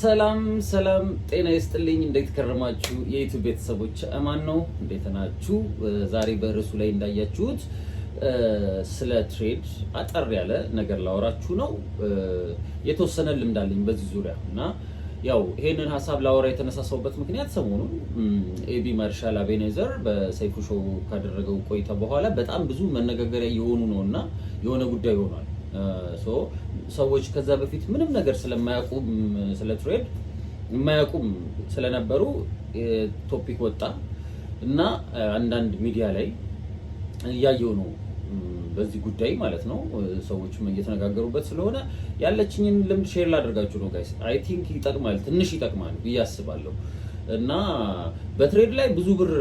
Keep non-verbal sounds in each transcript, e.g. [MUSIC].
ሰላም ሰላም፣ ጤና ይስጥልኝ። እንዴት ከረማችሁ? የዩቱብ ቤተሰቦች እማን ነው፣ እንዴት ናችሁ? ዛሬ በርዕሱ ላይ እንዳያችሁት ስለ ትሬድ አጠር ያለ ነገር ላወራችሁ ነው። የተወሰነ ልምድ አለኝ በዚህ ዙሪያ እና ያው ይሄንን ሀሳብ ላወራ የተነሳሳውበት ምክንያት ሰሞኑን ኤቢ ማርሻል አቤኔዘር በሰይፉ ሾው ካደረገው ቆይታ በኋላ በጣም ብዙ መነጋገሪያ የሆኑ ነው እና የሆነ ጉዳይ ሆኗል ሰዎች ከዛ በፊት ምንም ነገር ስለማያቁ ስለ ትሬድ የማያውቁም ስለነበሩ ቶፒክ ወጣ እና አንዳንድ ሚዲያ ላይ እያየው ነው በዚህ ጉዳይ ማለት ነው። ሰዎችም እየተነጋገሩበት ስለሆነ ያለችኝን ልምድ ሼር ላደርጋችሁ ነው ጋይስ። አይ ቲንክ ይጠቅማል፣ ትንሽ ይጠቅማል ብዬ አስባለሁ። እና በትሬድ ላይ ብዙ ብር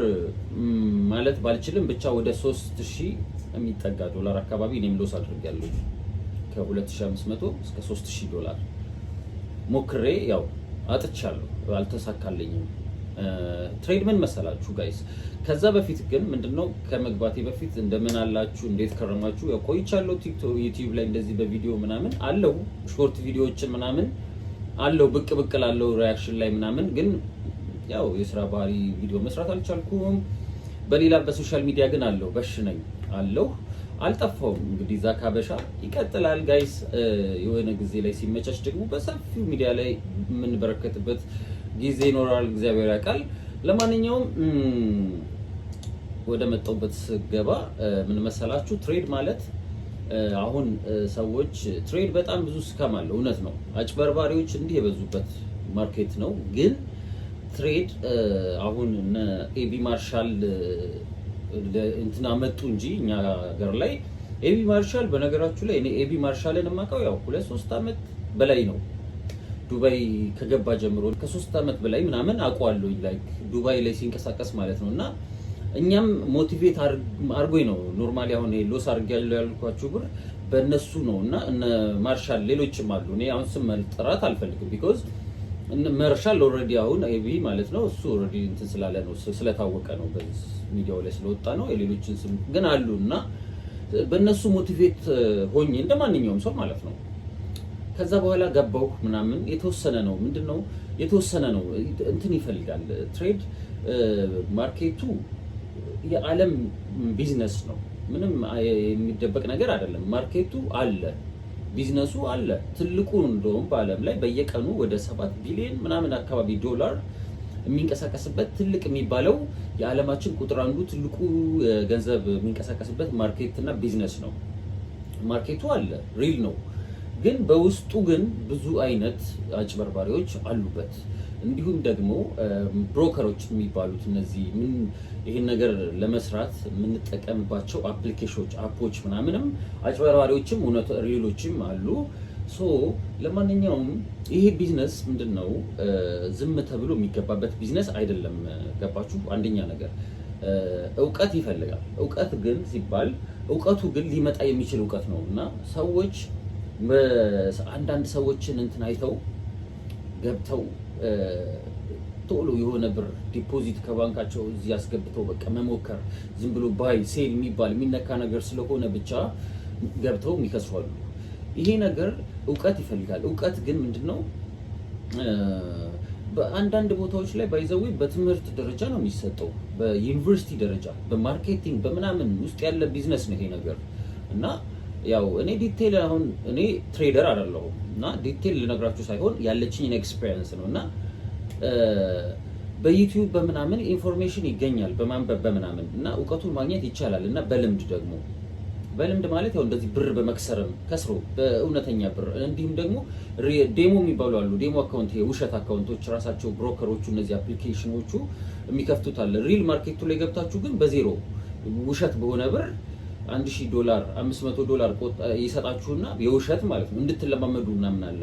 ማለት ባልችልም ብቻ ወደ ሶስት ሺህ የሚጠጋ ዶላር አካባቢ እኔም ሎስ አድርጌያለሁ። ከ2500 እስከ 3000 ዶላር ሞክሬ ያው አጥቻለሁ፣ አልተሳካልኝም። ትሬድ ምን መሰላችሁ ጋይስ? ከዛ በፊት ግን ምንድነው ከመግባቴ በፊት እንደምን አላችሁ እንዴት ከረማችሁ? ያው ቆይቻለሁ ቲክቶክ ዩቲዩብ ላይ እንደዚህ በቪዲዮ ምናምን አለው ሾርት ቪዲዮዎችን ምናምን አለው ብቅ ብቅ ላለው ሪያክሽን ላይ ምናምን ግን ያው የስራ ባህሪ ቪዲዮ መስራት አልቻልኩም። በሌላ በሶሻል ሚዲያ ግን አለው በሽ ነኝ አለው አልጠፋውም። እንግዲህ ዛካ በሻ ይቀጥላል ጋይስ። የሆነ ጊዜ ላይ ሲመቻች ደግሞ በሰፊው ሚዲያ ላይ የምንበረከትበት ጊዜ ይኖራል። እግዚአብሔር ያውቃል። ለማንኛውም ወደ መጣሁበት ስገባ ምን መሰላችሁ? ትሬድ ማለት አሁን ሰዎች ትሬድ በጣም ብዙ ስካም አለ። እውነት ነው። አጭበርባሪዎች እንዲህ የበዙበት ማርኬት ነው። ግን ትሬድ አሁን ኤቢ ማርሻል እንትና መጡ እንጂ እኛ ሀገር ላይ ኤቢ ማርሻል በነገራችሁ ላይ እኔ ኤቢ ማርሻልን የማውቀው ያው ሁለት ሶስት ዓመት በላይ ነው ዱባይ ከገባ ጀምሮ ከሶስት ዓመት በላይ ምናምን አውቀዋለሁኝ ላይክ ዱባይ ላይ ሲንቀሳቀስ ማለት ነው። እና እኛም ሞቲቬት አድርጎኝ ነው ኖርማሊ አሁን ሎስ አድርጌያለሁ ያልኳችሁ ብር በእነሱ ነው እና እነ ማርሻል ሌሎችም አሉ። እኔ አሁን ስም መጥራት አልፈልግም ቢኮዝ መርሻል ኦልሬዲ አሁን ኤቢ ማለት ነው እሱ ኦልሬዲ እንትን ስላለ ነው ስለታወቀ ነው ሚዲያው ላይ ስለወጣ ነው። የሌሎችን ስም ግን አሉ እና በእነሱ ሞቲቬት ሆኜ እንደ ማንኛውም ሰው ማለት ነው። ከዛ በኋላ ገባው ምናምን የተወሰነ ነው ምንድን ነው የተወሰነ ነው እንትን ይፈልጋል። ትሬድ ማርኬቱ የዓለም ቢዝነስ ነው። ምንም የሚደበቅ ነገር አይደለም። ማርኬቱ አለ ቢዝነሱ አለ። ትልቁ እንደውም በዓለም ላይ በየቀኑ ወደ ሰባት ቢሊዮን ምናምን አካባቢ ዶላር የሚንቀሳቀስበት ትልቅ የሚባለው የዓለማችን ቁጥር አንዱ ትልቁ ገንዘብ የሚንቀሳቀስበት ማርኬት እና ቢዝነስ ነው። ማርኬቱ አለ፣ ሪል ነው። ግን በውስጡ ግን ብዙ አይነት አጭበርባሪዎች አሉበት። እንዲሁም ደግሞ ብሮከሮች የሚባሉት እነዚህ ምን ይህን ነገር ለመስራት የምንጠቀምባቸው አፕሊኬሽኖች፣ አፖች ምናምንም አጭበርባሪዎችም እውነቱ ሌሎችም አሉ። ሶ ለማንኛውም ይሄ ቢዝነስ ምንድን ነው ዝም ተብሎ የሚገባበት ቢዝነስ አይደለም። ገባችሁ? አንደኛ ነገር እውቀት ይፈልጋል። እውቀት ግን ሲባል እውቀቱ ግን ሊመጣ የሚችል እውቀት ነው እና ሰዎች አንዳንድ ሰዎችን እንትን አይተው ገብተው ቶሎ የሆነ ብር ዲፖዚት ከባንካቸው እዚህ አስገብተው በቃ መሞከር ዝም ብሎ ባይ ሴል የሚባል የሚነካ ነገር ስለሆነ ብቻ ገብተው ይከስሯሉ። ይሄ ነገር እውቀት ይፈልጋል። እውቀት ግን ምንድን ነው? በአንዳንድ ቦታዎች ላይ ባይዘዌ በትምህርት ደረጃ ነው የሚሰጠው፣ በዩኒቨርሲቲ ደረጃ በማርኬቲንግ በምናምን ውስጥ ያለ ቢዝነስ ነው ይሄ ነገር እና ያው እኔ ዲቴል አሁን እኔ ትሬደር አይደለሁም እና ዲቴል ልነግራችሁ ሳይሆን ያለችኝ ኤክስፔሪየንስ ነው እና በዩቲዩብ በምናምን ኢንፎርሜሽን ይገኛል በማንበብ በምናምን እና እውቀቱን ማግኘት ይቻላል። እና በልምድ ደግሞ በልምድ ማለት ያው እንደዚህ ብር በመክሰርም ከስሮ በእውነተኛ ብር እንዲሁም ደግሞ ዴሞ የሚባሉ አሉ። ዴሞ አካውንት የውሸት አካውንቶች ራሳቸው ብሮከሮቹ እነዚህ አፕሊኬሽኖቹ የሚከፍቱት አለ። ሪል ማርኬቱ ላይ ገብታችሁ ግን በዜሮ ውሸት በሆነ ብር አንድ ሺህ ዶላር አምስት መቶ ዶላር ይሰጣችሁና የውሸት ማለት ነው እንድትለማመዱ ምናምን አለ።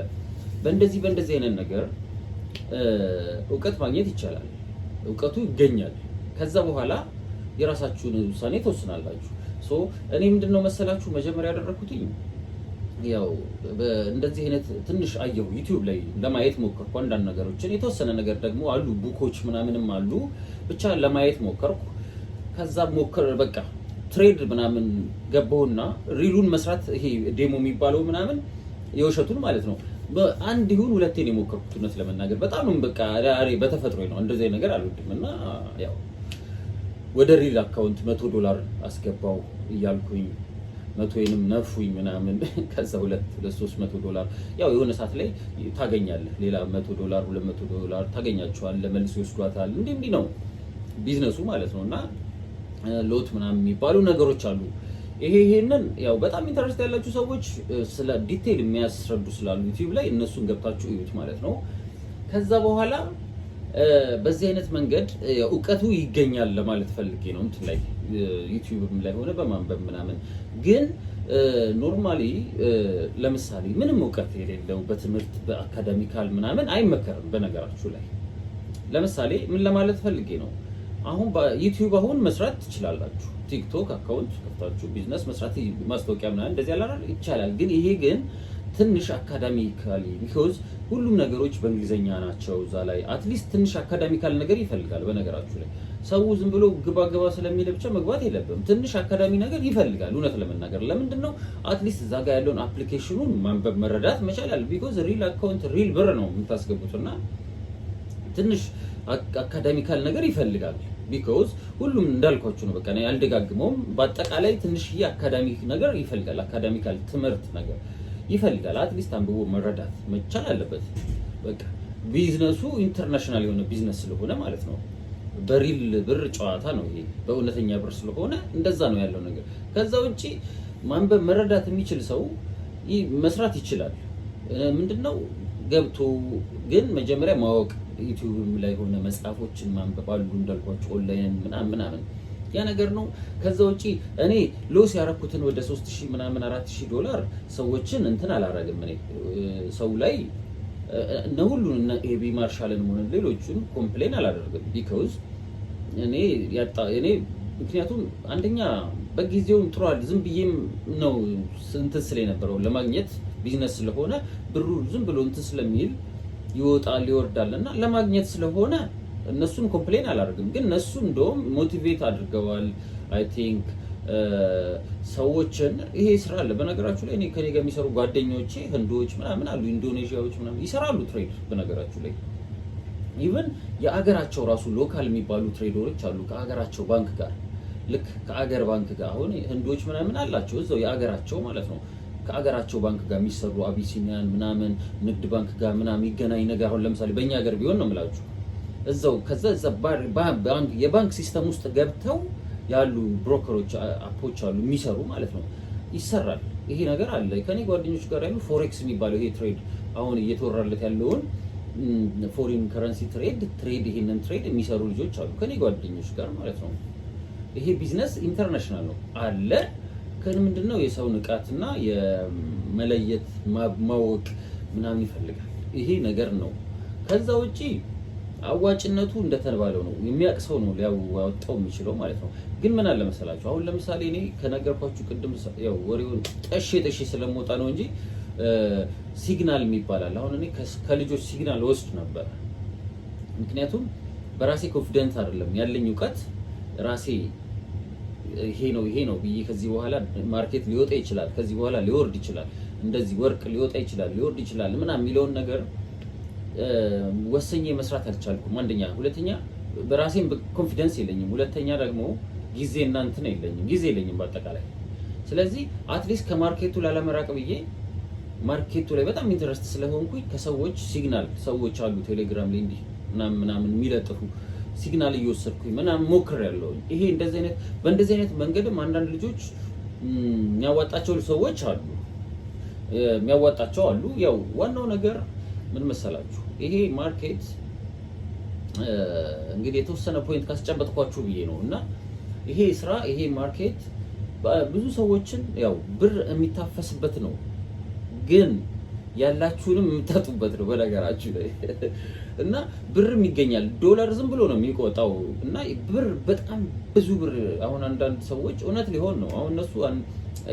በእንደዚህ በእንደዚህ አይነት ነገር እውቀት ማግኘት ይቻላል። እውቀቱ ይገኛል። ከዛ በኋላ የራሳችሁን ውሳኔ ትወስናላችሁ። ሶ እኔ ምንድን ነው መሰላችሁ መጀመሪያ ያደረኩትኝ ያው እንደዚህ አይነት ትንሽ አየሁ ዩቲዩብ ላይ ለማየት ሞከርኩ፣ አንዳንድ ነገሮችን የተወሰነ ነገር ደግሞ አሉ ቡኮች ምናምንም አሉ ብቻ ለማየት ሞከርኩ። ከዛ ሞከር በቃ ትሬድ ምናምን ገባውና ሪሉን መስራት ይሄ ዴሞ የሚባለው ምናምን የውሸቱን ማለት ነው። አንድ ይሁን ሁለቴን የሞከርኩት እውነት ለመናገር በጣም በቃ በተፈጥሮ ነው እንደዚህ ነገር አልወድም። እና ያው ወደ ሪል አካውንት መቶ ዶላር አስገባው እያልኩኝ መቶዬንም ነፉኝ ምናምን [LAUGHS] ከዛ ሁለት ለሶስት መቶ ዶላር ያው የሆነ ሰዓት ላይ ታገኛለህ። ሌላ መቶ ዶላር ሁለት መቶ ዶላር ታገኛቸዋል። ለመልስ ይወስዷታል። እንዲህ እንዲህ ነው ቢዝነሱ ማለት ነው እና ሎት ምናምን የሚባሉ ነገሮች አሉ። ይሄ ይሄንን ያው በጣም ኢንተረስት ያላችሁ ሰዎች ስለ ዲቴይል የሚያስረዱ ስላሉ ዩቲዩብ ላይ እነሱን ገብታችሁ እዩት ማለት ነው። ከዛ በኋላ በዚህ አይነት መንገድ እውቀቱ ይገኛል ለማለት ፈልጌ ነው። እንትን ላይ ዩቲዩብም ላይ ሆነ በማንበብ ምናምን ግን ኖርማሊ ለምሳሌ ምንም እውቀት የሌለው በትምህርት በአካደሚካል ምናምን አይመከርም። በነገራችሁ ላይ ለምሳሌ ምን ለማለት ፈልጌ ነው አሁን በዩቲዩብ አሁን መስራት ትችላላችሁ። ቲክቶክ አካውንት ከፍታችሁ ቢዝነስ መስራት ማስታወቂያ ምናምን እንደዚህ ያላል ይቻላል። ግን ይሄ ግን ትንሽ አካዳሚካሊ ቢኮዝ ሁሉም ነገሮች በእንግሊዝኛ ናቸው። እዛ ላይ አትሊስት ትንሽ አካዳሚካል ነገር ይፈልጋል። በነገራችሁ ላይ ሰው ዝም ብሎ ግባ ግባ ስለሚል ብቻ መግባት የለብም። ትንሽ አካዳሚ ነገር ይፈልጋል። እውነት ለመናገር ለምንድን ነው አትሊስት እዛ ጋር ያለውን አፕሊኬሽኑን ማንበብ መረዳት መቻላል። ቢኮዝ ሪል አካውንት ሪል ብር ነው የምታስገቡት እና ትንሽ አካዳሚካል ነገር ይፈልጋል። ቢኮዝ ሁሉም እንዳልኳችሁ ነው። በቃ ያልደጋግመውም። በአጠቃላይ ትንሽዬ አካዳሚክ ነገር ይፈልጋል። አካዳሚካል ትምህርት ነገር ይፈልጋል። አትሊስት አንብቦ መረዳት መቻል አለበት። በቃ ቢዝነሱ ኢንተርናሽናል የሆነ ቢዝነስ ስለሆነ ማለት ነው። በሪል ብር ጨዋታ ነው ይሄ፣ በእውነተኛ ብር ስለሆነ እንደዛ ነው ያለው ነገር። ከዛ ውጭ ማንበብ መረዳት የሚችል ሰው መስራት ይችላል። ምንድነው ገብቶ ግን መጀመሪያ ማወቅ ዩቲዩብም ላይ ሆነ መጽሐፎችን ማንበብ አሉ እንዳልኳቸው ኦንላይን ምናምን ምናምን ያ ነገር ነው። ከዛ ውጪ እኔ ሎስ ያረኩትን ወደ 3000 ምናምን 4000 ዶላር ሰዎችን እንትን አላረግም። እኔ ሰው ላይ እነ ሁሉን እነ ኤቢ ማርሻልን ሆነ ሌሎቹን ኮምፕሌን አላደርግም። ቢኮዝ እኔ ያጣ እኔ ምክንያቱም አንደኛ በጊዜውም ጥሯል ዝም ብዬም ነው እንትን ስለ የነበረው ለማግኘት ቢዝነስ ስለሆነ ብሩ ዝም ብሎ እንትን ስለሚል ይወጣል ይወርዳል እና ለማግኘት ስለሆነ እነሱን ኮምፕሌን አላደርግም። ግን እነሱ እንደውም ሞቲቬት አድርገዋል። አይ ቲንክ ሰዎችን ይሄ ስራ አለ። በነገራችሁ ላይ እኔ ከኔ ጋር የሚሰሩ ጓደኞቼ ህንዶች ምናምን አሉ፣ ኢንዶኔዥያዎች ምናምን ይሰራሉ ትሬድ። በነገራችሁ ላይ ኢቨን የአገራቸው ራሱ ሎካል የሚባሉ ትሬደሮች አሉ ከአገራቸው ባንክ ጋር ልክ ከአገር ባንክ ጋር አሁን ህንዶች ምናምን አላቸው እዛው የአገራቸው ማለት ነው ከአገራቸው ባንክ ጋር የሚሰሩ አቢሲኒያን ምናምን ንግድ ባንክ ጋር ምናምን ይገናኝ ነገር። አሁን ለምሳሌ በእኛ ሀገር ቢሆን ነው የምላችሁ እዛው ከዛ የባንክ ሲስተም ውስጥ ገብተው ያሉ ብሮከሮች አፖች አሉ የሚሰሩ ማለት ነው። ይሰራል ይሄ ነገር አለ። ከኔ ጓደኞች ጋር ያሉ ፎሬክስ የሚባለው ይሄ ትሬድ አሁን እየተወራለት ያለውን ፎሪን ከረንሲ ትሬድ ትሬድ ይሄንን ትሬድ የሚሰሩ ልጆች አሉ ከኔ ጓደኞች ጋር ማለት ነው። ይሄ ቢዝነስ ኢንተርናሽናል ነው አለ ግን ምንድነው የሰው ንቃትና የመለየት ማወቅ ምናምን ይፈልጋል። ይሄ ነገር ነው። ከዛ ውጪ አዋጭነቱ እንደተባለው ነው። የሚያውቅ ሰው ነው ሊያወጣው የሚችለው ማለት ነው። ግን ምን አለ መሰላችሁ፣ አሁን ለምሳሌ እኔ ከነገርኳችሁ ቅድም ያው ወሬውን ጠሼ ጠሼ ስለመውጣ ነው እንጂ ሲግናል የሚባላል አሁን እኔ ከልጆች ሲግናል ወስድ ነበር። ምክንያቱም በራሴ ኮንፊደንስ አይደለም ያለኝ እውቀት ራሴ ይሄ ነው ይሄ ነው ብዬ ከዚህ በኋላ ማርኬት ሊወጣ ይችላል፣ ከዚህ በኋላ ሊወርድ ይችላል፣ እንደዚህ ወርቅ ሊወጣ ይችላል፣ ሊወርድ ይችላል ምናምን የሚለውን ነገር ወሰኜ መስራት አልቻልኩም። አንደኛ፣ ሁለተኛ በራሴም ኮንፊደንስ የለኝም። ሁለተኛ ደግሞ ጊዜ ነው የለኝም፣ ጊዜ የለኝም በአጠቃላይ። ስለዚህ አትሊስት ከማርኬቱ ላለመራቅ ብዬ ማርኬቱ ላይ በጣም ኢንተረስት ስለሆንኩኝ ከሰዎች ሲግናል ሰዎች አሉ ቴሌግራም ላይ እንዲህ ምናምን ምናምን የሚለጥፉ ሲግናል እየወሰድኩኝ ምናምን ያለው ይሄ እንደዚህ አይነት በእንደዚህ አይነት መንገድም አንዳንድ ልጆች የሚያዋጣቸው ሰዎች አሉ የሚያዋጣቸው አሉ። ያው ዋናው ነገር ምን መሰላችሁ፣ ይሄ ማርኬት እንግዲህ የተወሰነ ፖይንት ካስጨበጥኳችሁ ብዬ ነው እና ይሄ ስራ ይሄ ማርኬት ብዙ ሰዎችን ያው ብር የሚታፈስበት ነው፣ ግን ያላችሁንም የምታጡበት ነው በነገራችሁ ላይ [LAUGHS] እና ብርም ይገኛል። ዶላር ዝም ብሎ ነው የሚቆጣው እና ብር በጣም ብዙ ብር። አሁን አንዳንድ ሰዎች እውነት ሊሆን ነው አሁን እነሱ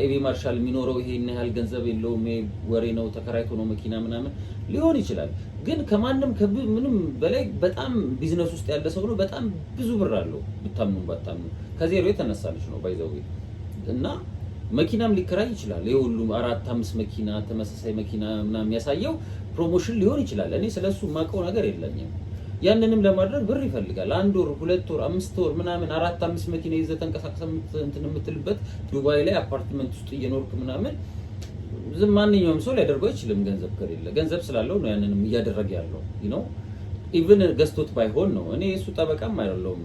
ኤቢ ማርሻል የሚኖረው ይሄን ያህል ገንዘብ የለውም፣ ወሬ ነው፣ ተከራይቶ ነው መኪና ምናምን ሊሆን ይችላል። ግን ከማንም ምንም በላይ በጣም ቢዝነስ ውስጥ ያለ ሰው ነው። በጣም ብዙ ብር አለው ብታምኑ ባታምኑ። ከዜሮ የተነሳለች ነው ባይዘው እና መኪናም ሊከራይ ይችላል። ይሄ ሁሉ አራት አምስት መኪና ተመሳሳይ መኪና ምናምን የሚያሳየው ፕሮሞሽን ሊሆን ይችላል። እኔ ስለሱ የማውቀው ነገር የለኝም። ያንንም ለማድረግ ብር ይፈልጋል። አንድ ወር፣ ሁለት ወር፣ አምስት ወር ምናምን አራት አምስት መኪና ይዘህ ተንቀሳቅሰህ እንትን የምትልበት ዱባይ ላይ አፓርትመንት ውስጥ እየኖርክ ምናምን ዝም ማንኛውም ሰው ሊያደርገው አይችልም። ገንዘብ ከሌለ ገንዘብ ስላለው ነው ያንንም እያደረገ ያለው ነው። ኢቭን ገዝቶት ባይሆን ነው እኔ እሱ ጠበቃም አይደለውም።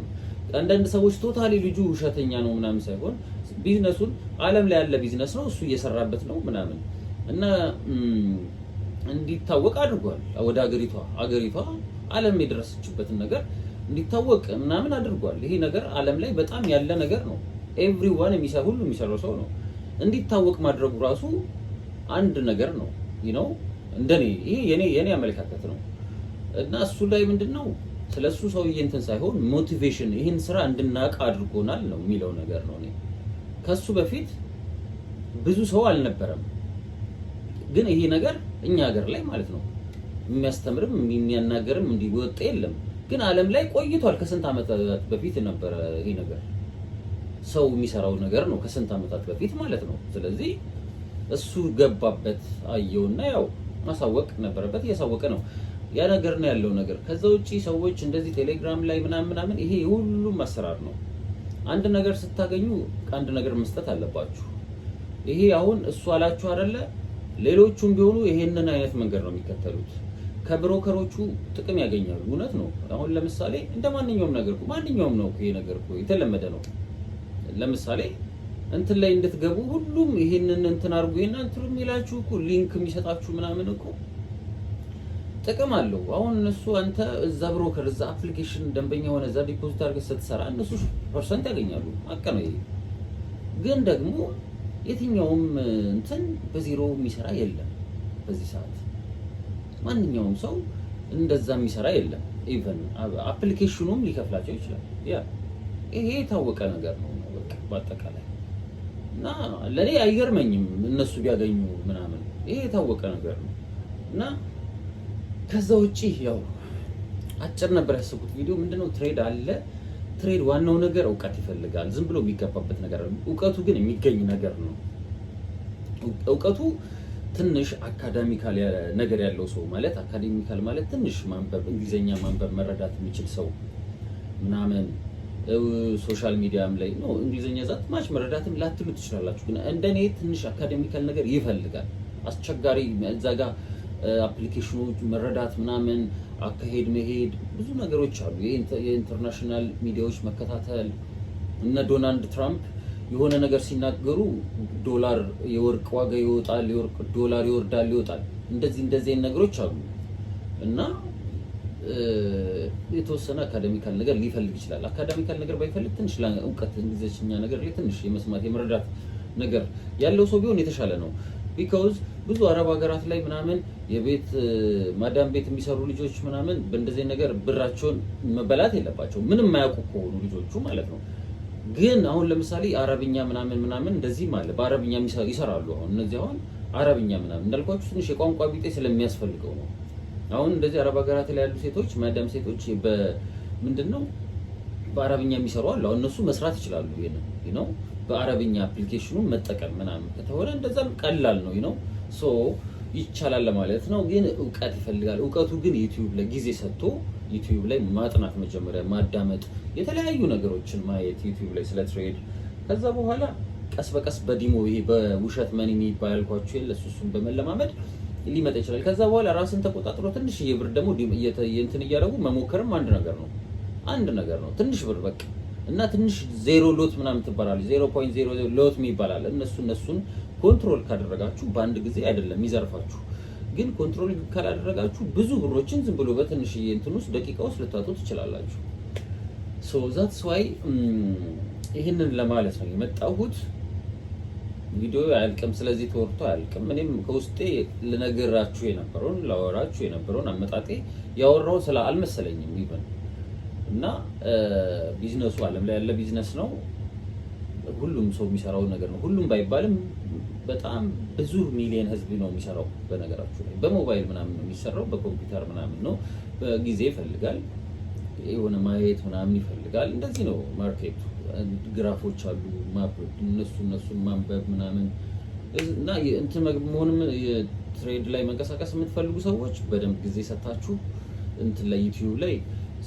አንዳንድ ሰዎች ቶታሊ ልጁ ውሸተኛ ነው ምናምን ሳይሆን ቢዝነሱን አለም ላይ ያለ ቢዝነስ ነው እሱ እየሰራበት ነው ምናምን እና እንዲታወቅ አድርጓል። ወደ አገሪቷ አገሪቷ ዓለም የደረሰችበትን ነገር እንዲታወቅ ምናምን አድርጓል። ይሄ ነገር ዓለም ላይ በጣም ያለ ነገር ነው። ኤቭሪዋን የሚሰራ ሁሉ የሚሰራው ሰው ነው። እንዲታወቅ ማድረጉ ራሱ አንድ ነገር ነው። ይህ ነው እንደኔ ይሄ የኔ የኔ አመለካከት ነው። እና እሱ ላይ ምንድነው ስለሱ ሰውዬ እንትን ሳይሆን ሞቲቬሽን ይህን ስራ እንድናውቅ አድርጎናል ነው የሚለው ነገር ነው። እኔ ከሱ በፊት ብዙ ሰው አልነበረም ግን ይሄ ነገር እኛ ሀገር ላይ ማለት ነው የሚያስተምርም የሚያናገርም እንዲህ ወጥ የለም። ግን ዓለም ላይ ቆይቷል። ከስንት ዓመታት በፊት ነበረ ይሄ ነገር ሰው የሚሰራው ነገር ነው፣ ከስንት ዓመታት በፊት ማለት ነው። ስለዚህ እሱ ገባበት አየውና ያው ማሳወቅ ነበረበት። እያሳወቀ ነው ያ ነገር ነው ያለው ነገር። ከዛ ውጪ ሰዎች እንደዚህ ቴሌግራም ላይ ምናምን ምናምን ይሄ ሁሉም አሰራር ነው። አንድ ነገር ስታገኙ አንድ ነገር መስጠት አለባችሁ። ይሄ አሁን እሱ አላችሁ አይደለ ሌሎቹም ቢሆኑ ይሄንን አይነት መንገድ ነው የሚከተሉት። ከብሮከሮቹ ጥቅም ያገኛሉ። እውነት ነው። አሁን ለምሳሌ እንደ ማንኛውም ነገር ማንኛውም ነው ይሄ ነገር የተለመደ ነው። ለምሳሌ እንትን ላይ እንድትገቡ ሁሉም ይሄንን እንትን አድርጉ ይሄን እንትን የሚላችሁ እኮ ሊንክ የሚሰጣችሁ ምናምን እኮ ጥቅም አለው። አሁን እነሱ አንተ እዛ ብሮከር እዛ አፕሊኬሽን ደንበኛ የሆነ እዛ ዲፖዚት አድርገህ ስትሰራ እነሱ ፐርሰንት ያገኛሉ። አቀ ነው ይሄ ግን ደግሞ የትኛውም እንትን በዜሮ የሚሰራ የለም። በዚህ ሰዓት ማንኛውም ሰው እንደዛ የሚሰራ የለም። ኢቨን አፕሊኬሽኑም ሊከፍላቸው ይችላል። ያ ይሄ የታወቀ ነገር ነው በአጠቃላይ እና ለእኔ አይገርመኝም እነሱ ቢያገኙ ምናምን፣ ይሄ የታወቀ ነገር ነው እና ከዛ ውጭ ያው አጭር ነበር ያሰቡት ቪዲዮ ምንድነው ትሬድ አለ ትሬድ ዋናው ነገር እውቀት ይፈልጋል። ዝም ብሎ የሚገባበት ነገር እውቀቱ ግን የሚገኝ ነገር ነው። እውቀቱ ትንሽ አካዳሚካል ነገር ያለው ሰው ማለት አካዳሚካል ማለት ትንሽ ማንበብ፣ እንግሊዝኛ ማንበብ መረዳት የሚችል ሰው ምናምን ሶሻል ሚዲያም ላይ ነው እንግሊዝኛ ዛት ማች መረዳትም ላትሉ ትችላላችሁ። ግን እንደኔ ትንሽ አካዳሚካል ነገር ይፈልጋል። አስቸጋሪ እዛ ጋር አፕሊኬሽኖች መረዳት ምናምን አካሄድ መሄድ ብዙ ነገሮች አሉ። የኢንተርናሽናል ሚዲያዎች መከታተል እነ ዶናልድ ትራምፕ የሆነ ነገር ሲናገሩ ዶላር የወርቅ ዋጋ ይወጣል፣ ዶላር ይወርዳል፣ ይወጣል። እንደዚህ እንደዚህ ነገሮች አሉ እና የተወሰነ አካዳሚካል ነገር ሊፈልግ ይችላል። አካደሚካል ነገር ባይፈልግ ትንሽ እውቀት እንግሊዝኛ ነገር ላይ ትንሽ የመስማት የመረዳት ነገር ያለው ሰው ቢሆን የተሻለ ነው። ቢኮዝ ብዙ አረብ ሀገራት ላይ ምናምን የቤት ማዳም ቤት የሚሰሩ ልጆች ምናምን በእንደዚህ ነገር ብራቸውን መበላት የለባቸው ምንም ማያውቁ ከሆኑ ልጆቹ ማለት ነው። ግን አሁን ለምሳሌ አረብኛ ምናምን ምናምን እንደዚህ አለ። በአረብኛ ይሰራሉ። አሁን እነዚህ አሁን አረብኛ ምናምን እንዳልኳችሁ ትንሽ የቋንቋ ቢጤ ስለሚያስፈልገው ነው። አሁን እንደዚህ አረብ ሀገራት ላይ ያሉ ሴቶች ማዳም ሴቶች በምንድን ነው በአረብኛ የሚሰሩ አሉ። አሁን እነሱ መስራት ይችላሉ። ነው በአረብኛ አፕሊኬሽኑን መጠቀም ምናምን ከተሆነ እንደዛም ቀላል ነው ነው ሶ ይቻላል ለማለት ነው። ግን እውቀት ይፈልጋል። እውቀቱ ግን ዩቲዩብ ላይ ጊዜ ሰጥቶ ዩቲዩብ ላይ ማጥናት መጀመሪያ ማዳመጥ፣ የተለያዩ ነገሮችን ማየት ዩቲዩብ ላይ ስለ ትሬድ፣ ከዛ በኋላ ቀስ በቀስ በዲሞ ይሄ በውሸት መን የሚባል ያልኳቸው እሱን በመለማመድ ሊመጣ ይችላል። ከዛ በኋላ ራስን ተቆጣጥሮ ትንሽ ብር ደግሞ እንትን እያደረጉ መሞከርም አንድ ነገር ነው። አንድ ነገር ነው። ትንሽ ብር በቃ እና ትንሽ ዜሮ ሎት ምናምን ትባላለች። ዜሮ ፖይንት ዜሮ ሎት ይባላል። እነሱ እነሱን ኮንትሮል ካደረጋችሁ በአንድ ጊዜ አይደለም ይዘርፋችሁ። ግን ኮንትሮል ካላደረጋችሁ ብዙ ብሮችን ዝም ብሎ በትንሽ እንትን ውስጥ ደቂቃ ውስጥ ልታጡ ትችላላችሁ። ሶ ዛትስ ዋይ ይህንን ለማለት ነው የመጣሁት። ቪዲዮ አያልቅም፣ ስለዚህ ተወርቶ አያልቅም። እኔም ከውስጤ ልነግራችሁ የነበረውን ላወራችሁ የነበረውን አመጣጤ ያወራው ስለ አልመሰለኝም ይበን እና ቢዝነሱ አለም ላይ ያለ ቢዝነስ ነው። ሁሉም ሰው የሚሰራው ነገር ነው። ሁሉም ባይባልም በጣም ብዙ ሚሊየን ህዝብ ነው የሚሰራው። በነገራችሁ ላይ በሞባይል ምናምን ነው የሚሰራው፣ በኮምፒውተር ምናምን ነው። በጊዜ ይፈልጋል፣ የሆነ ማየት ምናምን ይፈልጋል። እንደዚህ ነው ማርኬቱ። ግራፎች አሉ፣ እነሱ እነሱን ማንበብ ምናምን እና እንትን መሆንም ትሬድ ላይ መንቀሳቀስ የምትፈልጉ ሰዎች በደንብ ጊዜ ሰታችሁ እንትን ላይ ዩቲዩብ ላይ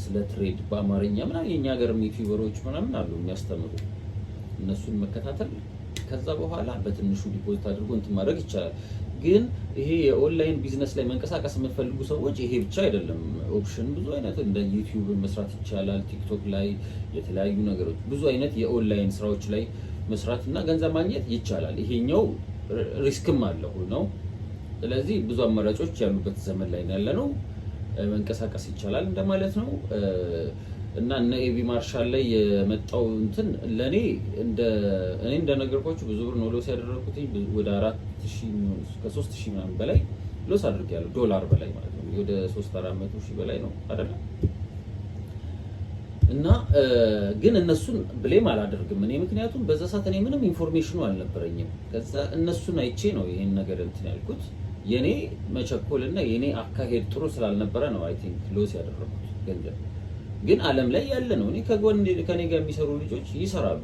ስለ ትሬድ በአማርኛ ምናምን የኛ ሀገር የሚፊበሮች ምናምን አሉ የሚያስተምሩ እነሱን መከታተል ከዛ በኋላ በትንሹ ዲፖዚት አድርጎ እንትን ማድረግ ይቻላል። ግን ይሄ የኦንላይን ቢዝነስ ላይ መንቀሳቀስ የምትፈልጉ ሰዎች ይሄ ብቻ አይደለም ኦፕሽን፣ ብዙ አይነት እንደ ዩቲዩብ መስራት ይቻላል። ቲክቶክ ላይ የተለያዩ ነገሮች፣ ብዙ አይነት የኦንላይን ስራዎች ላይ መስራት እና ገንዘብ ማግኘት ይቻላል። ይሄኛው ሪስክም አለው ነው። ስለዚህ ብዙ አማራጮች ያሉበት ዘመን ላይ ያለ ነው። መንቀሳቀስ ይቻላል እንደማለት ነው። እና እነ ኤቢ ማርሻል ላይ የመጣው እንትን ለእኔ እኔ እንደነገርኳችሁ ብዙ ብር ነው ሎስ ያደረኩት። ወደ አራት ሺህ ከሶስት ሺህ ምናምን በላይ ሎስ አድርጌያለሁ፣ ዶላር በላይ ማለት ነው። ወደ ሶስት አራት መቶ ሺህ በላይ ነው አይደለም። እና ግን እነሱን ብሌም አላደርግም እኔ ምክንያቱም በዛ ሰዓት እኔ ምንም ኢንፎርሜሽኑ አልነበረኝም። ከዛ እነሱን አይቼ ነው ይሄን ነገር እንትን ያልኩት። የኔ መቸኮልና የኔ አካሄድ ጥሩ ስላልነበረ ነው አይ ቲንክ ሎስ ያደረኩት ገንዘብ። ግን አለም ላይ ያለ ነው። እኔ ከጎን ከኔ ጋር የሚሰሩ ልጆች ይሰራሉ።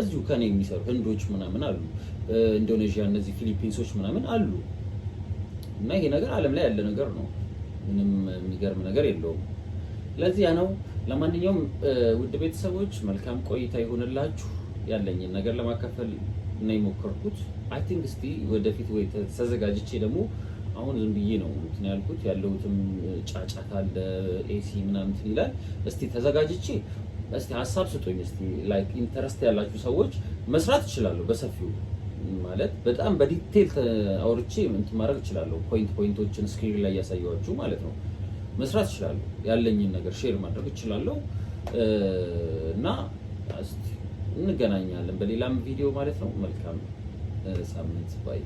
እዚሁ ከኔ የሚሰሩ ህንዶች ምናምን አሉ፣ ኢንዶኔዥያ፣ እነዚህ ፊሊፒንሶች ምናምን አሉ። እና ይሄ ነገር አለም ላይ ያለ ነገር ነው። ምንም የሚገርም ነገር የለውም። ለዚያ ነው። ለማንኛውም ውድ ቤተሰቦች መልካም ቆይታ ይሆንላችሁ። ያለኝን ነገር ለማካፈል ነው የሞከርኩት። አይ ቲንክ እስቲ ወደፊት ወይ ተዘጋጅቼ ደግሞ አሁን ዝም ብዬ ነው እንትን ያልኩት ያለሁትም ጫጫታ አለ ኤሲ ምናምን ይላል። እስቲ ተዘጋጅቼ እስቲ ሀሳብ ስጡኝ እስቲ ላይክ ኢንተረስት ያላችሁ ሰዎች መስራት እችላለሁ በሰፊው ማለት በጣም በዲቴል አውርቼ እንትን ማድረግ እችላለሁ። ፖይንት ፖይንቶችን ስክሪን ላይ ያሳየኋችሁ ማለት ነው መስራት እችላለሁ። ያለኝን ነገር ሼር ማድረግ እችላለሁ እና እንገናኛለን በሌላም ቪዲዮ ማለት ነው። መልካም ነው። that is to by